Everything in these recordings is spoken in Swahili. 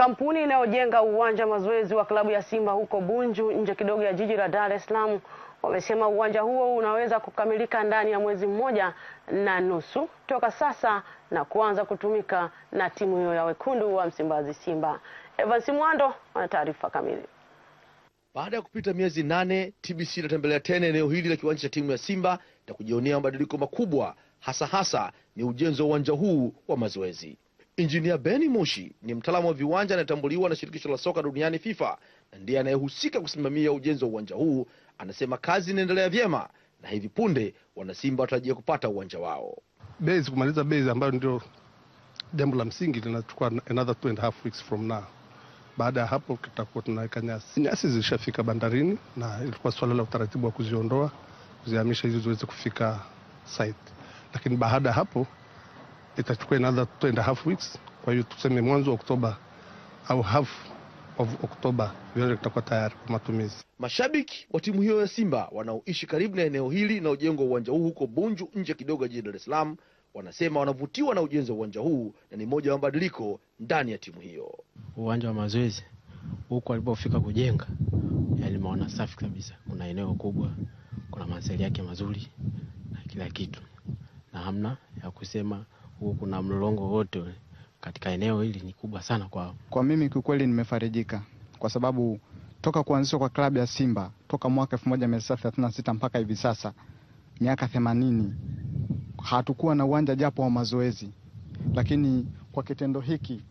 Kampuni inayojenga uwanja mazoezi wa klabu ya Simba huko Bunju nje kidogo ya jiji la Dar es Salaam wamesema uwanja huo unaweza kukamilika ndani ya mwezi mmoja na nusu toka sasa na kuanza kutumika na timu hiyo ya wekundu wa Msimbazi Simba. Evans Mwando ana taarifa kamili. Baada ya kupita miezi nane, TBC inatembelea tena eneo hili la kiwanja cha timu ya Simba na kujionea mabadiliko makubwa, hasa hasa ni ujenzi wa uwanja huu wa mazoezi. Injinia Beni Moshi ni mtaalamu wa viwanja anayetambuliwa na shirikisho la soka duniani FIFA na ndiye anayehusika kusimamia ujenzi wa uwanja huu. Anasema kazi inaendelea vyema na hivi punde wanasimba watarajia kupata uwanja wao. Base, kumaliza base ambayo ndio jambo la msingi linachukua another two and a half weeks from now. Baada ya hapo tutakuwa tunaweka nyasi. Nyasi zilishafika bandarini na ilikuwa swala la utaratibu wa kuziondoa, kuzihamisha hizi ziweze kufika site, lakini baada ya hapo itachukua another two and a half weeks. Kwa hiyo tuseme mwanzo wa Oktoba au half of Oktoba viwanja vitakuwa tayari kwa matumizi. Mashabiki wa timu hiyo ya Simba wanaoishi karibu na eneo hili wa uwanja huu huko Bunju, nje kidogo ya jijini Dar es Salaam, wanasema wanavutiwa na ujenzi wa uwanja huu na ni moja wa mabadiliko ndani ya timu hiyo. Uwanja wa mazoezi huko alipofika kujenga, yani safi kabisa, kuna eneo kubwa, kuna mandhari yake mazuri na kila kitu, na hamna ya kusema huo kuna mlolongo wote katika eneo hili ni kubwa sana kwao. Kwa mimi kiukweli nimefarijika kwa sababu toka kuanzishwa kwa klabu ya Simba toka mwaka 1936 mpaka hivi sasa miaka 80 hatukuwa na uwanja japo wa mazoezi, lakini kwa kitendo hiki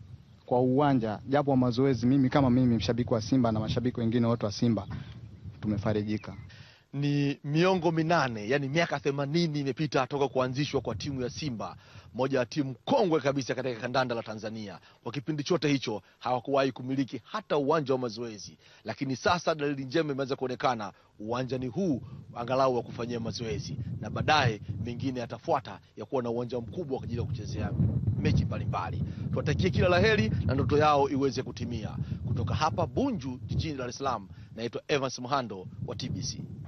kwa uwanja japo wa mazoezi, mimi kama mimi mshabiki wa Simba na mashabiki wengine wote wa Simba tumefarijika ni miongo minane, yani miaka themanini imepita toka kuanzishwa kwa timu ya Simba, moja ya timu kongwe kabisa katika kandanda la Tanzania. Kwa kipindi chote hicho hawakuwahi kumiliki hata uwanja wa mazoezi, lakini sasa dalili njema imeanza kuonekana uwanjani huu angalau wa kufanyia mazoezi, na baadaye mengine yatafuata ya kuwa na uwanja mkubwa kwa ajili ya kuchezea mechi mbalimbali. Tuwatakie kila laheri na ndoto yao iweze kutimia. Kutoka hapa Bunju, jijini Dar es Salaam, naitwa Evans Mhando wa TBC.